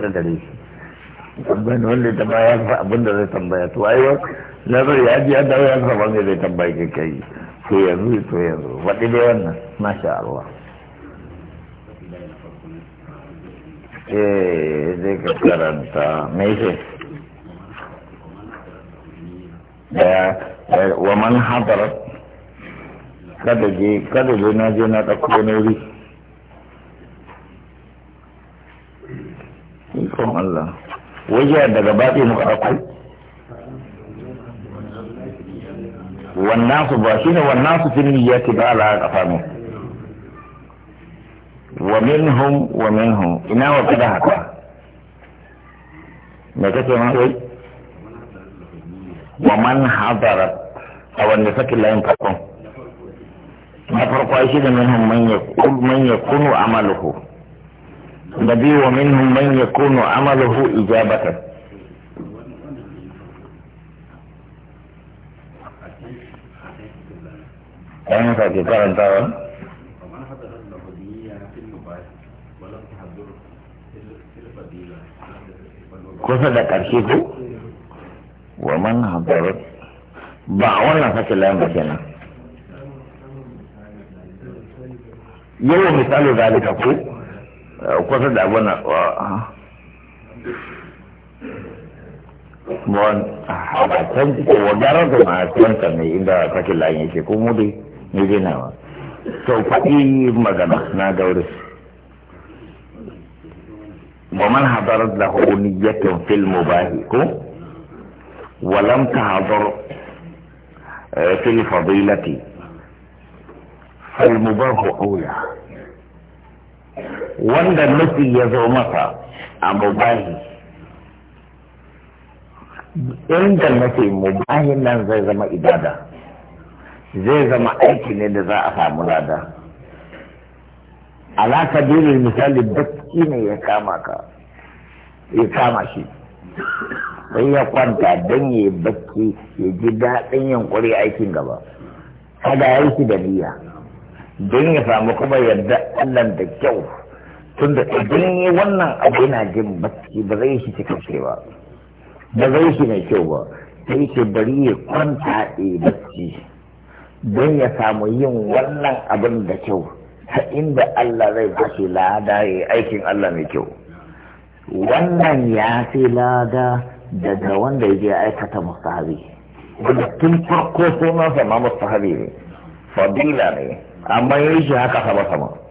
da gare shi tambayin wanda abin da zai tambaya to ai ya ji ya dawo ya zama zai tambaye ka kai to yanzu to yanzu wannan Allah eh zai ka karanta da wa man hadarat kada je kada je na je na ɗauko wani wuri ikon Allah wajiya daga baɗe muka ɗauko wannan su ba shi ne wannan su fi niyya ce ba ala kafa mu wa minhum wa hum. ina wa kada haka me kake ma wai wa man hadara a wanda saki layin farkon na farko shi ne minhum man yakunu amaluhu nabi wa minhum man yakunu amaluhu ijabatan ɗan ka ke wa? kusa da ƙarshe ko wa man hadarar ba a wannan sake lamba kenan yawan misali zalika ko 我过生日问了我我啊，真我家那个嘛，真正的应该他去来一些公墓的，你听到吗？做法医嘛个嘛，那都是。ومن نعم. حضرت له نية في المباهيك ولم تحضر آه، في الفضيلة فالمباه أولى wanda nufi ya zo masa a mubahi inda nufi mubahin nan zai zama ibada zai zama aiki ne da za a samu lada alaka dole misali baki ne ya kama ka ya kama shi sai ya kwanta don ya baki ya ji daɗin yankuri aikin gaba kada ya yi shi da niyya don ya samu kuma yadda allan da kyau tunda idan yi wannan abu yana jin bacci ba zai shi cikin ba ba zai shi mai kyau ba sai ce bari ya kwanta a bacci don ya samu yin wannan abin da kyau ta inda Allah zai shi lada ya aikin Allah mai kyau wannan ya fi lada daga wanda ya je aikata mustahabi wanda tun farko sunansa ma mustahabi ne fadila ne amma ya yi shi haka sama sama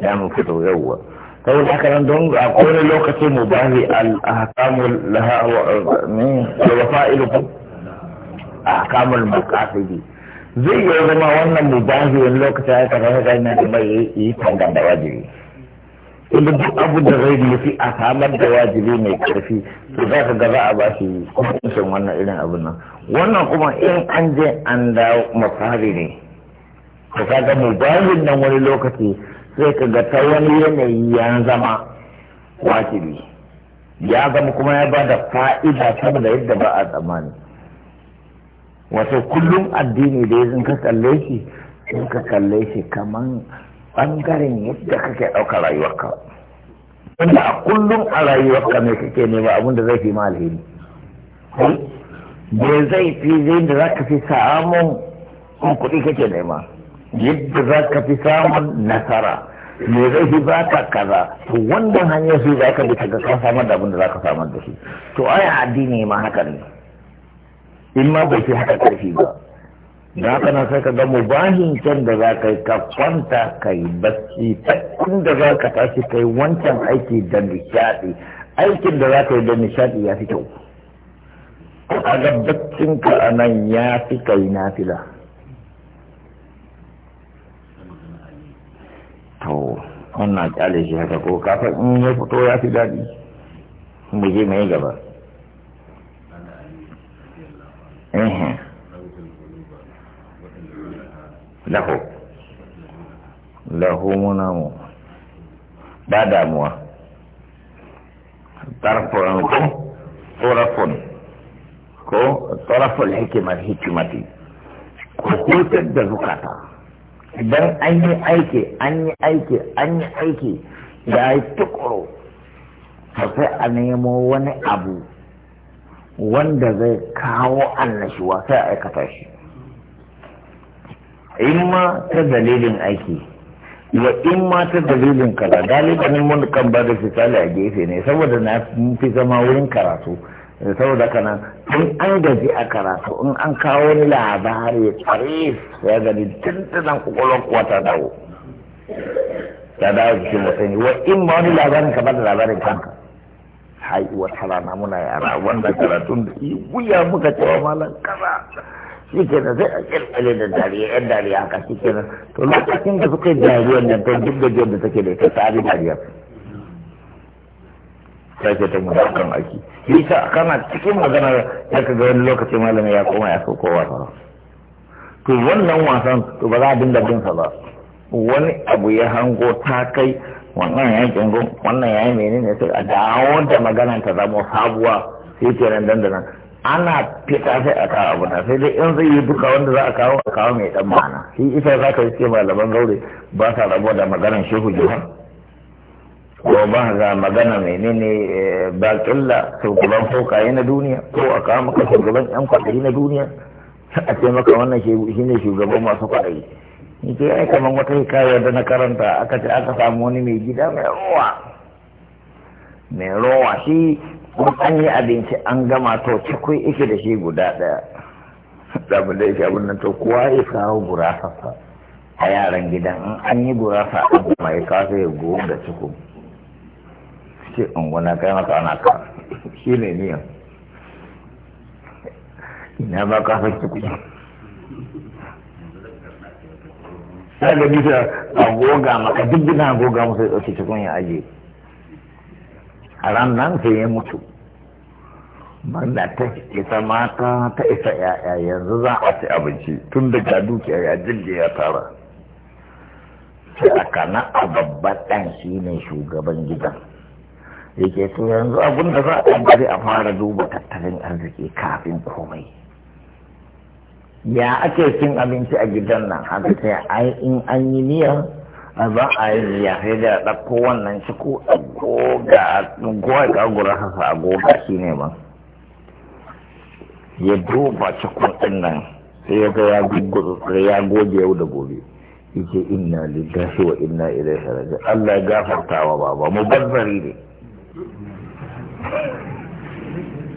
dan mu fito yawwa saboda haka nan don a kowane lokaci mu ba ni al-ahkamul laha wa min al-wafa'ilukum zai yi zama wannan mu ba ni wani lokaci a kasar kafa ga ina mai yi tangan da wajibi inda da abu da zai nufi a samar da wajibi mai karfi to za ka gaba a ba shi kuma wannan irin abin nan wannan kuma in an je an dawo mafari ne ka kaga mubazin nan wani lokaci sai ka ga ta wani yanayi ya zama wajibi ya zama kuma ya ba da fa'ida sama da yadda ba a tsammani wato kullum addini da yanzu ka kalle shi sai ka kalle shi kaman bangaren yadda kake ɗauka rayuwarka wanda a kullum a rayuwarka ne kake nema ba abinda zai fi ma alheri me zai fi zai da za ka fi samun kuɗi kake nema yadda za ka fi samun nasara me zai fi ba ka kaza to wannan hanyar su za ka bi ga samar da abin da za ka samar da shi to ai addini ma haka ne in ma bai fi haka karfi ba da haka na sai ka ga mubahin can da za ka yi ka kwanta ka yi bacci tun da za ka tashi ka wancan aiki da nishaɗi aikin da za ka yi da nishaɗi ya fi kyau a ga baccinka a nan ya fi kai na fila to wannan kyale shi haka ko kafin in ya fito ya fi daɗi mu je mai gaba ba damuwa ko tarafon ko tarafon hikimar hikimati ko hutar da zukata idan an yi aiki an yi aiki an yi aiki da yi tukuro sai a nemo wani abu wanda zai kawo annashuwa sai a aikata shi in ma ta dalilin aiki wa in ma ta dalilin kaza galibin mun kan ba da fitali a gefe ne saboda na fi zama wurin karatu saboda kana tun an gaji a karatu in an kawo ni labari tsarif ya gani tun tunan kwakwalwar kuwa ta dawo ta dawo cikin mutane wa in ma wani labarin ka bada labarin kanka hai wata rana muna yara wanda karatun da yi wuya muka cewa malam kaza shi ke nan sai a kirkire da dariya yan dariya haka shi ke nan to lokacin da suka yi dariyar nan ta duk da jiyar da take da ita ta dariyar sake ta mu kan aiki ita kana cikin magana ya ka ga wani lokaci malami ya koma ya sauko wasa to wannan wasan to ba za a dinga bin sa ba wani abu ya hango ta kai wannan ya yi wannan ya yi menene sai a dawo da magana ta zama sabuwa sai kenan dandana ana fita sai a kawo abu na sai dai in zai yi duka wanda za a kawo a kawo mai dan ma'ana shi ita za ka yi ce malaman gaure ba sa rabuwa da maganar shehu jihar ko ba za magana menene eh, ba killa shugaban fokaye na duniya ko a kawo maka shugaban yan kwaɗayi na duniya a ce maka wannan shi ne shugaban masu kwaɗayi ni ce ai kamar wata hikaya da na karanta aka ce aka samu wani mai gida mai rowa mai rowa shi kuma an yi abinci an gama to cikin ike da shi guda ɗaya zamu da shi abin nan to kowa ya kawo gurasa a yaran gidan an yi gurasa a kuma ya kawo ya goma da cikin ce in wani kai maka ana ka shi ne niyan ina ba ka haske kuɗi sai da bisa a goga maka duk gina goga musu ya ɗauke cikin ya aje a ran nan sai ya mutu banda ta isa mata ta isa ya'ya yanzu za a ci abinci tun da ga dukiya ya jirgin ya tara sai aka na a babban ɗan shi ne shugaban gidan yake to yanzu abin da za a ɗabbari a fara duba tattalin arziki kafin komai ya ake cin abinci a gidan nan haka sai ai in an yi miya a za a yi ya sai da ɗauko wannan shi ko goga goga ga gura hasa a goga shi ne ba ya duba cikin ɗin nan sai ya ga ya goge yau da gobe yake inna lillahi wa inna ilaihi raji'un Allah ya wa baba mu bazzari ne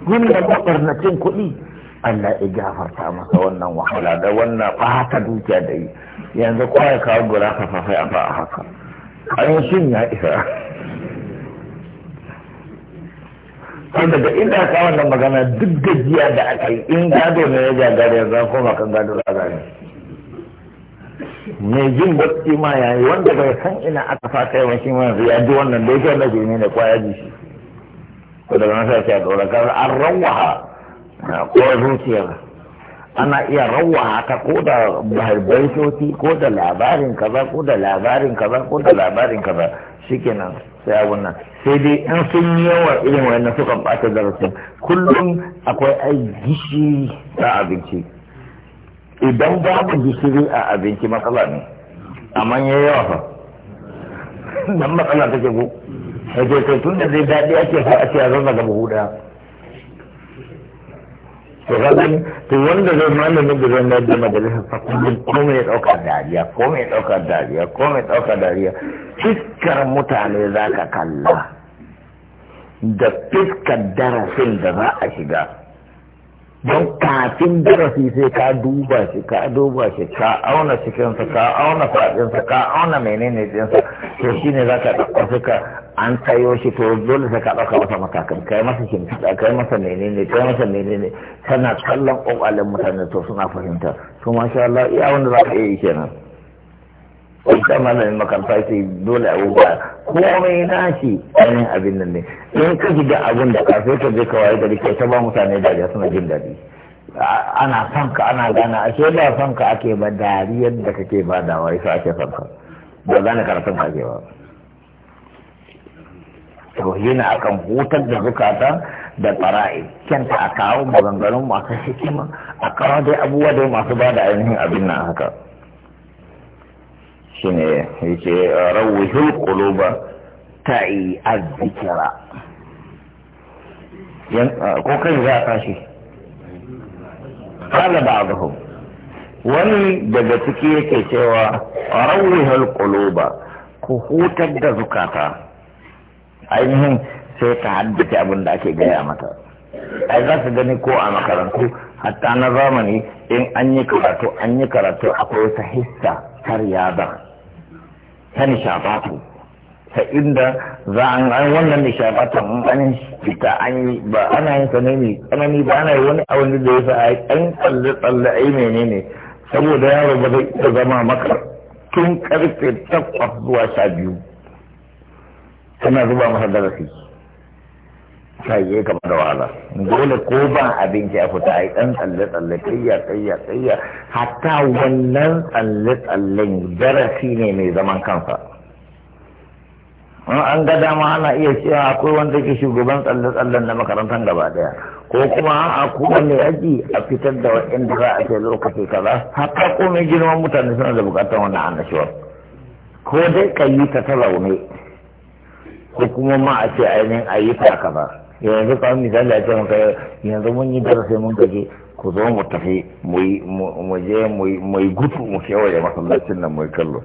yin da cin kuɗi Allah ya gafarta masa wannan wahala da wannan ɓata dukiya da yi yanzu kawai kawo gura fafai a a haka ƙarancin ya isa wanda da inda aka wannan magana duk gajiya da aka yi in gado ne ya gagara yanzu koma kan gado da mai jin bacci ma ya yi wanda bai san ina aka fata yawan shi ma ya ji wannan da na wanda ne da kwaya ji shi ko daga nan sai a dora an rawaha ko zuciyar ana iya rawaha ta ko da baitoci ko da labarin kaza ko da labarin kaza ko da labarin kaza shikenan sai abun nan sai dai in sun yi yawa irin wayannan suka bata darasin kullum akwai ai gishi a abinci idan babu gishiri a abinci matsala ne amma ya yawa fa dan matsala take ko a kai tun da zai daɗi ake so a ce a zama ga buhu ɗaya to kaɗan to wanda zai malamin da zai mayar da majalisar fakulin komai ya ɗaukar dariya komai ya ɗaukar dariya komai ya ɗaukar dariya fiskar mutane za ka kalla da fiskar darasin da za a shiga don kafin darasi sai ka duba shi ka duba shi ka auna cikinsa ka auna fadinsa ka auna menene jinsa to shi ne za ka ɗauka suka an tayo shi to dole sai ka ɗauka masa matakan kai masa shimfiɗa kai masa menene kai masa menene tana kallon ƙwaƙwalen mutane to suna fahimta to masha Allah iya za ka iya yi kenan. wanda malamin makaranta ce dole abubuwa komai na shi ainihin abin nan ne in ka ji da abin da ka sai ka je ka waye gari kai ta ba mutane dariya suna jin dadi ana son ka ana gana ce ba son ka ake ba dariyar da kake ba da wai sai ake son ka ba gane karatun ka ake ba to yana akan hutar da zukata da fara'i kyanta a kawo maganganun masu hikima a kawo dai abubuwa dai masu ba da ainihin abin nan haka shine yake ah, rawihul quluba ta'i azzikra yan ah, ko kai za ka shi qala ba'dhum wani daga ciki yake cewa rawihul quluba ku hutar da zukata ainihin sai ta haddace abin da ake gaya mata ai za su gani ko a makarantu hatta na zamani in an yi karatu an yi karatu akwai wata hissa har ya ta nishaɗatu ta inda za a an wannan nishaɗatan in an fita an yi ba ana yin sanani tsanani ba ana yi wani abin da ya sa a yi ɗan tsalle-tsalle ai menene saboda yaro ba zai iya zama maka tun karfe takwas zuwa sha biyu tana zuba masa darasi kai ya gaba da wahala dole ko ba abinci a fita a yi ɗan tsalle-tsalle tsayya tsayya tsayya hatta wannan tsalle-tsallen darasi ne mai zaman kansa an ga dama ana iya cewa akwai wanda ke shugaban tsalle-tsallen na makarantar gaba daya ko kuma a kuma ne aji a fitar da waɗanda za a ce lokaci kaza hatta komai girman mutane suna da bukatar wannan annashuwar ko dai ka yi ta ta zaune ko kuma ma a ce ainihin a ta kaza yanzu kamar misali a ce maka yanzu mun yi darasi mun gaje ku zo mu tafi mu je mu yi gutu mu kewaye masallacin nan mu kallo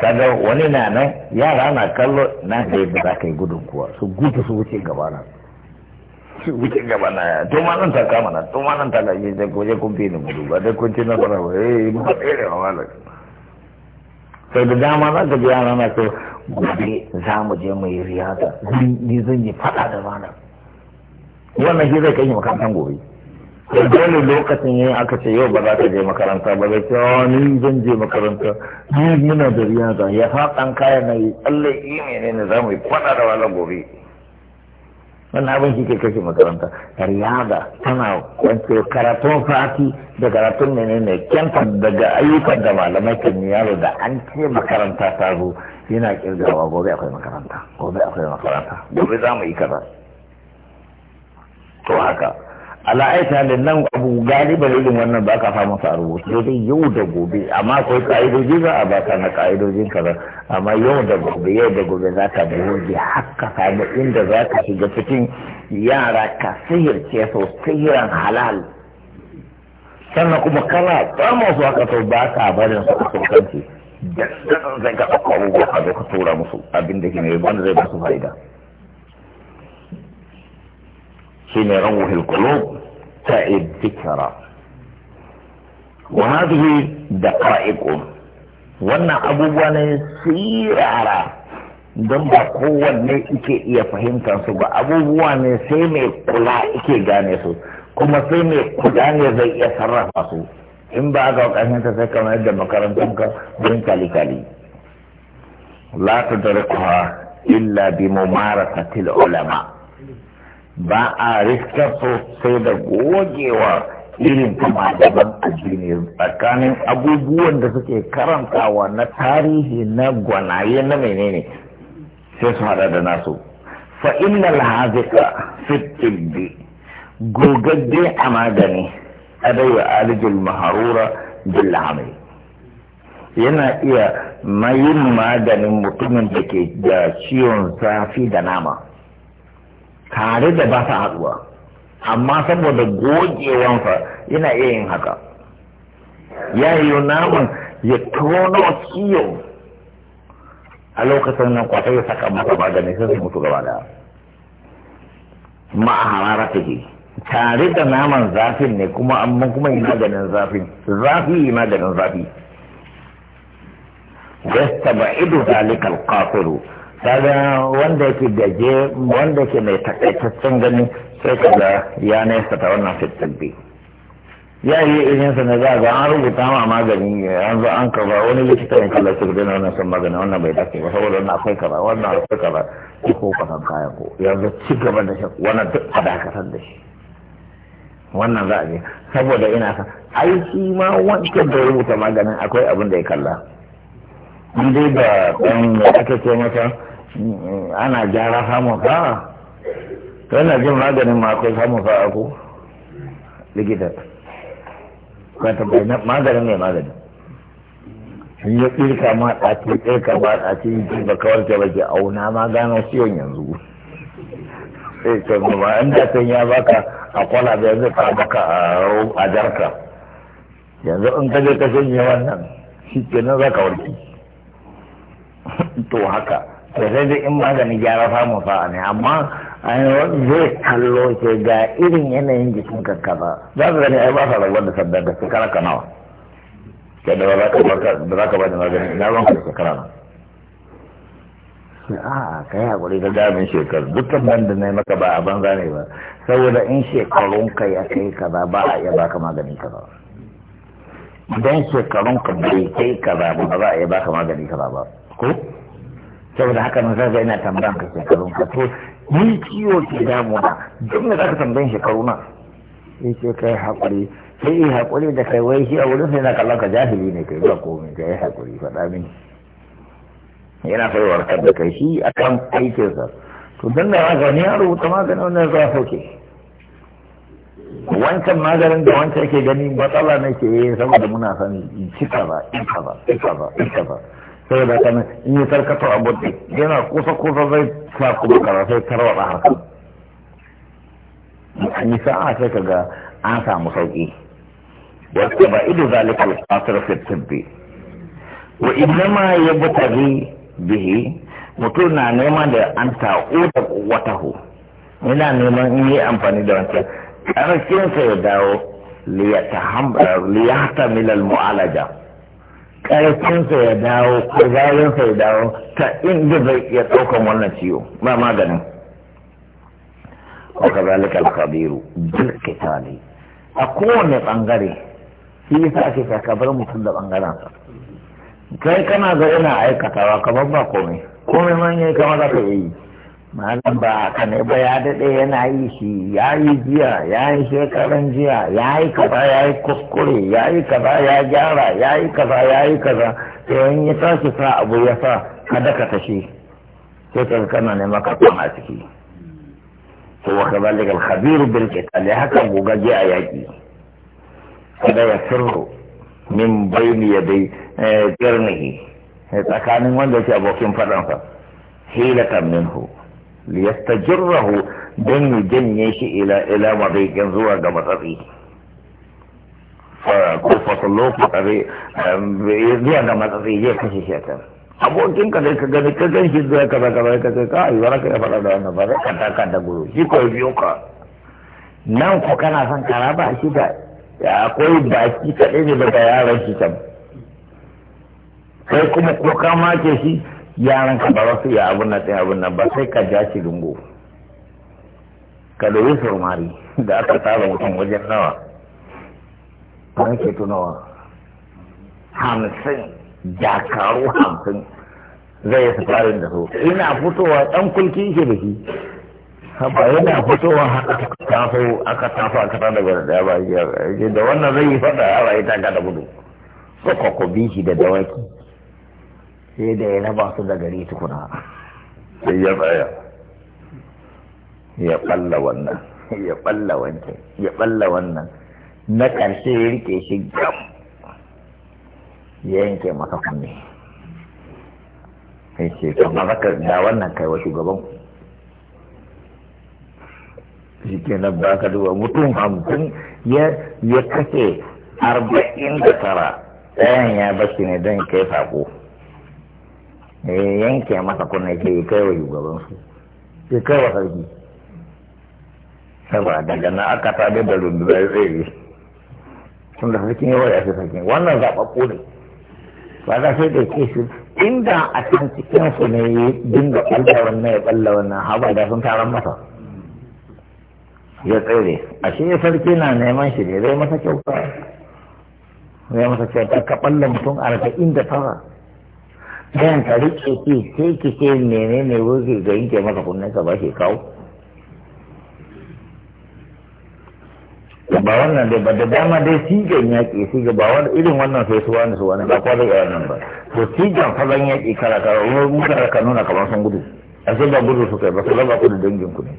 kaga wani na nan yara na kallo na ga yadda za ka yi gudun kuwa su gutu su wuce gaba na su wuce gaba na to ma nan ta kama na to ma nan ta lafiya da koje kun fi ni gudu ba dai kun ci na fara ba eh mu ka tsere wa malam sai da dama za ka ji yara na so gobe za mu je mu yi riyata ni zan yi fada da malam wannan shi zai kai makarantar gobe to dole lokacin yin aka ce yau ba za ka je makaranta ba zai ce ah, ni zan je makaranta ni muna da riyaza ya faɗan kayan na yi tsallai yi ne ne za mu yi kwada da wala gobe wannan abin shi ke kashe makaranta riyaza tana kwance karatun fati da karatun ne ne kyanta daga ayyukan da malamai kan yaro da an ce makaranta ta zo yana kirgawa gobe akwai makaranta gobe akwai makaranta gobe za mu yi kaza to haka ala aita da nan abu galiban irin wannan ba ka samu a rubutu dai yau da gobe amma akwai ka'idoji za a baka na ka'idojin kaza amma yau da gobe yau da gobe za ka goge haka samu inda za ka shiga cikin yara ka sihirce so sihiran halal sannan kuma kana tsamo su haka to ba ka barin su a kanci da zai ka ɗauka abubuwa a zai ka tura musu abin da ke mai wanda zai ba su fa'ida. حين يروح القلوب تعب ذكرى وهذه دقائق wannan abubuwa ne sirara don ba kowanne ike iya fahimtar su ba abubuwa ne sai mai kula ike gane su kuma sai mai kula ne zai iya sarrafa su in ba ga ƙarshen ta sai kamar yadda makarantun ka don kali kali la tudrikuha illa bi mumarasatil ulama ba a rikta sosai da gogewa irin kama daban addini tsakanin abubuwan da suke karantawa na tarihi na gwanaye na menene sai su hada da nasu fa innal hazika fi gogagge a magani Adawa wa alijul maharura bil yana iya mayin maganin mutumin da ke da ciwon zafi da nama tare da ba ta haɗuwa amma saboda gogewansa yana iya yin haka ya yi naman ya tono kiyo a lokacin nan kwata ya saka masa magani sai su mutu gaba da ma a harara tare da naman zafin ne kuma amma kuma yi maganin zafin zafi yi maganin zafi gasta ba ido zalikar kafiru kaga wanda yake gaje wanda ke mai takaitaccen gani sai kaga ya nesa ta wannan fitabbi ya yi irin sa na za ga an rubuta ma magani an zo an kaba wani likita ne kallon sirri na wannan san magani wannan bai dace ba saboda wannan akwai kaba wannan akwai kaba ko ko kasan kaya ko yanzu ci gaba da shi wannan duk a dakatar da shi wannan za a je saboda ina sa ai shi ma wancan da rubuta maganin akwai abin da ya kalla in dai ba ɗan aka ce maka ana gyara samun sa'a to yana jin maganin ma akwai samun sa'a ko likita ka tabbai maganin ne maganin in ya tsirka ma ɗaci tsirka ma ɗaci yi ba kawar ce ba ke auna ma gano ciwon yanzu sai ce ma an da san ya baka a kwana da yanzu ka baka a jarka yanzu in ka je ka shanye wannan shi nan za ka warke to haka to sai dai in magani gyara famu fa ne amma zai kallo ke ga irin yanayin jikin kakkaba za su gani ai ba sa rabuwar da sabbin da shekara ka nawa sai da ba za ka ba da magani ina ruwan da shekara na A, ka yi haƙuri ka gamin shekaru dukkan nan da na yi maka ba a banza ne ba saboda in shekarun ka ya kai kaza ba a iya baka magani kaza idan ka bai kai kaza ba ba za a iya baka magani kaza ba ko saboda haka nan zai ina tambayan ka shekarun ka to ni ciwo ke damuna duk da zaka tambayan shekaru na in ce kai hakuri. sai yi hakuri da kai wai shi a wurin sai na kallon ka jahili ne kai ba komai ka yi haƙuri faɗa mini yana kai warkar da kai shi akan aikinsa to don da magani ya rubuta maganin wannan za sauke wancan maganin da wancan ke gani matsala na ke saboda muna sani in ba kaza in kaza in kaza in sai da kana in yi karkatar abu yana kusa kusa zai sa kuma kara sai tarwata haka an yi sa'a sai ka ga an samu sauƙi wata ba ido zalika al-qasir fi tibbi wa innama yabtaghi bihi mutum na neman da an ta'o da hu yana neman in yi amfani da wancan sai ya dawo liyata milal mu'alaja ƙarfinsa ya dawo kuzarinsa ya dawo ta inda zai iya ɗaukan wannan ciwo ba maganin wa kazalika al-khabiru bil qitali a kowane bangare shi yasa ake ka mutum da bangaren sa kai kana ga ina aikatawa kamar ba komai komai man yayi kamar za ka yi malam ba a kan ba ya daɗe yana yi shi ya yi jiya ya yi shekaran jiya ya yi kaza ya yi kuskure ya yi kaza ya gyara ya yi kaza ya yi kaza to in ya tashi sa abu ya sa daka ta shi sai ka kana neman ka a ciki to wa zalika al-khabir bil qital haka gogaje a yaki kada ya sirru min bayni yadai eh, jirnihi eh, tsakanin wanda yake abokin fadansa hilatan minhu liyastajirahu don ya janye shi ila ila mazaikin zuwa ga matsatsi ko fasallo ko kare zuwa ga matsatsi zai kashe shi a can abokin ka dai ka gani ka gan shi zuwa kaza kaza ka ce ka yi baraka ya faɗa da wannan ba zai ka da guru shi ko biyo ka nan ko kana son kara ba shi da akwai baki kaɗai ne daga yaran shi can sai kuma ko ka make shi yaran ka ba su ya abun nan ɗin abun nan ba sai ka ja shi dungo ka ɗoyi surmari da aka tsara mutum wajen nawa an ke tunawa hamsin jakaru hamsin zai yi safarin da su ina fitowa ɗan kulki ke da shi haba yana fitowa haka taso aka taso aka tada daga daya ba da wannan zai yi fada a ita ta gada gudu ko ku shi da dawaki sai da ya raba su da gari tukuna sai ya tsaya ya balla wannan ya balla wancan ya balla wannan na ƙarshe ya rike shi gam ya yanke masa kunne sai ce kamar haka da wannan kai wa shugaban shi nan ba ka duba mutum hamsin ya kashe arba'in da tara ɗayan ya bashi ne don kai saƙo. eh yanke masa kuna ke kai wa shugaban su ke kai wa sarki saboda daga na aka tabe da ya tsere sun da sarkin yawa ya fi sarkin wannan zaɓaɓɓu ne ba za sai da ke shi inda a can cikin su ne ya dinga ɓalla wannan ya ɓalla wannan haɓa da sun taron masa ya tsere a shi sarki na neman shi ne zai masa kyauta zai masa kyauta ka ɓalla mutum arba'in da tara ɗayan ka rike ki sai ki ce mene ne wuce ga yanke maka kunnen ka ba shi kawo ba wannan dai ba da dama dai sigan yaƙi siga ba wani irin wannan sai su wani su wani ba kwa zai wannan ba to sigan falon yaƙi kala kala wani mutane ka nuna kamar sun gudu a sai ba gudu su kai ba su raba ku da dangin ku ne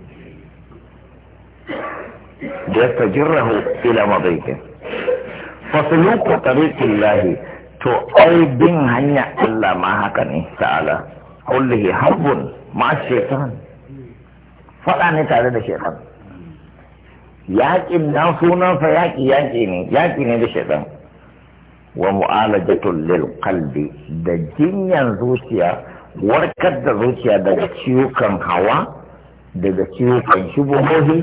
da ta jirrahu ila mabaikin fasuluku tariqin lahi to ai bin hanya Allah ma haka ne ta'ala kullihi habbun ma shaitan faɗa ne tare da shaitan yaƙin dan sunansa yaƙi yaƙi ne yaƙi ne da shaitan wa mu'alajatul lil qalbi da jinyan zuciya warkar da zuciya daga ciwukan hawa daga ciwukan shubuhohi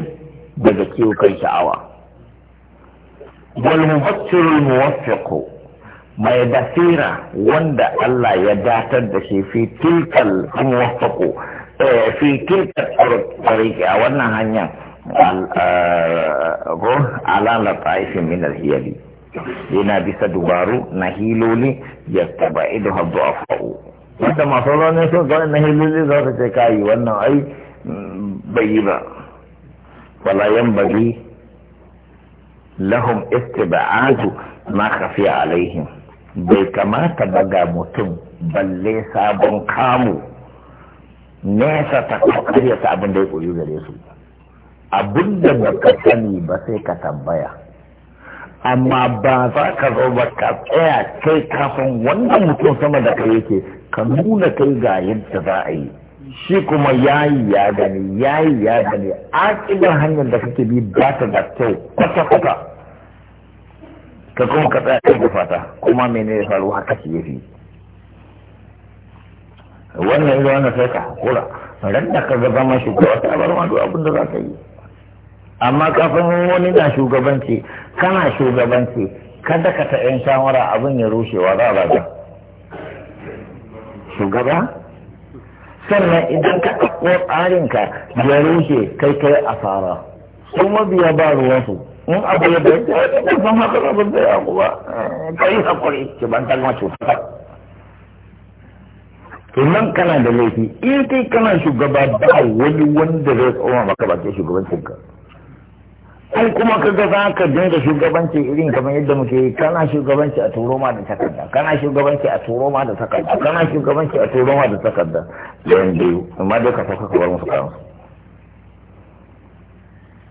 daga ciwukan sha'awa wal mufassirul muwaffiqu mai basira wanda Allah ya datar da shi fi tilkal muwaffaqu eh, fi tilkal tariqi a wannan hanya eh, alala ta'ifin min al yana bisa dubaru na hiloli ya taba ido habdu fa'o wanda masu rauni sun zaune na hiloli za su ce kayi wannan ai mm, bai yi ba wala bari lahum istiba'atu ma khafiya alaihim bai kamata ba ga mutum balle sabon kamu nesa ta karyata abin da ya koyi gare su abin da ba sani ba sai ka tambaya amma ba za ka zo ba ka tsaya kai kafin wannan mutum sama da kai yake ka nuna kai ga yadda za a yi shi kuma yayi ya gani yayi ya gani akibar hanyar da kake bi ba ta da kyau kwata-kwata ka kuma ka tsaya kan fata kuma mene ya faru haka shi yafi wannan ita wannan sai ka hakura ran da ka zama shugaba ta bar ma duk abin da za ka yi amma kafin wani na shugabanci kana shugabanci kada ka ta yan shawara abin ya rushewa za a shugaba sannan idan ka ɗauko tsarinka ya rushe kai kai asara Kuma biya ba ruwansu in abu ya bai da zan haka abin da ya kuwa ka yi haƙuri ki ban kalma cuta nan kana da laifi in kai kana shugaba ba wani wanda zai tsoma maka bakin shugabancin ka ai kuma ka ga za ka dinga shugabanci irin kamar yadda muke yi kana shugabanci a turo ma da takarda kana shugabanci a turo ma da takarda kana shugabanci a turo ma da takarda yayin biyu amma dai ka saka ka musu karansu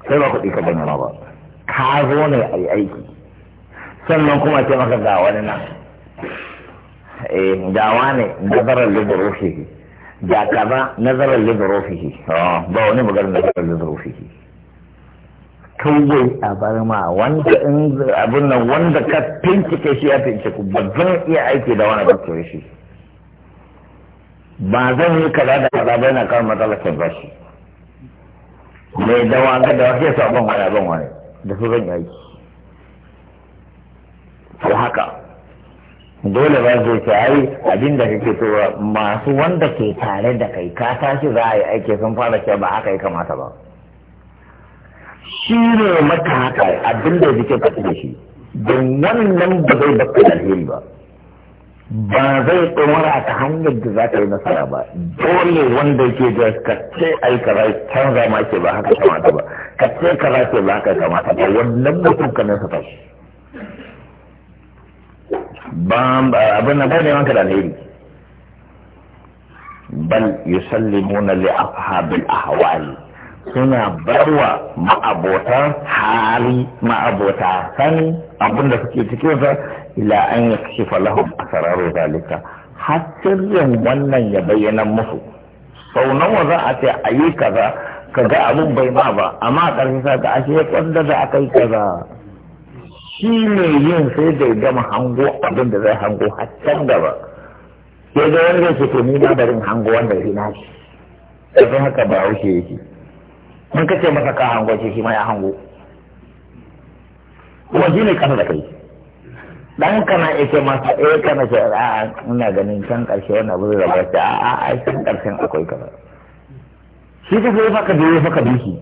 sai ba kuɗi ka bayyana ba ka zo ne a yi aiki sannan kuma ce maka ga wani nan eh, ga wani nazarar liberofihi ga kaza nazarar liberofihi oh, ba wani magana nazarar liberofihi kawai a bar ma wanda in abin nan wanda ka bincike shi ya bincike ba zan iya aiki da wani doktor shi ba zan yi kaza da kaza ba yana kawo matsalar bashi mai dawa ga dawa ke sabon wani abin wani da su zan yaki ko haka dole ba zai ce ai abin da kake so masu wanda ke tare da kai ka tashi za a yi aiki sun fara ce ba haka ya kamata ba shi ne maka haka abin da zai ka da shi don wannan ba zai da alheri ba ba zai tsawara ta hanyar da za ka yi nasara ba dole wanda ke da ka ce ai rai canza ma ke ba haka kamata ba ka ce ka za ka ba ka kamata ba wannan mutum ka nasa tashi shi. abin na ba ne wanka da alheri bal yusallimuna li ashabil ahwali suna barwa ma'abota hali ma'abota sani abin da suke cikin sa ila an ya kashe falahun zalika har sirrin wannan ya bayyana musu sau nawa za a ce a yi kaza ka ga abun bai ma ba amma a ƙarfin sa ga ashe kwanda da aka yi kaza shi ne yin sai da gama hango abin da zai hango har can gaba sai da wanda ke to ni na barin hango wanda shi na shi sai haka ba wuce yake Mun ka masa ka hango shi ma ya hango kuma shi ne kasa da kai dan kana ke masa eh kana ce a'a ina ganin can karshe wannan abu zai zaba a a can karshen akwai kaza shi ka zai faka da ya faka biki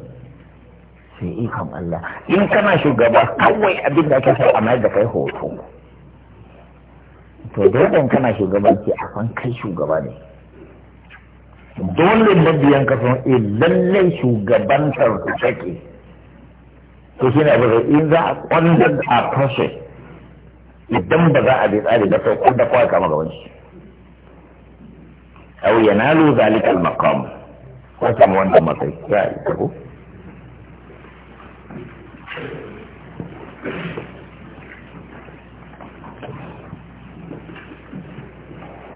sai ikon Allah in kana shugaba kawai abin da ake so a mai da kai hoto to dole kana shugaba ke a kan kai shugaba ne dole biyan ka san eh lallai shugabantar ku take to shi ne abin in za a kwandar a kashe idan ba za a bi tsari da kai kwanda kawai kama gaban shi au yanalu zalikal maqam ta samu wannan matsayi ya yi ko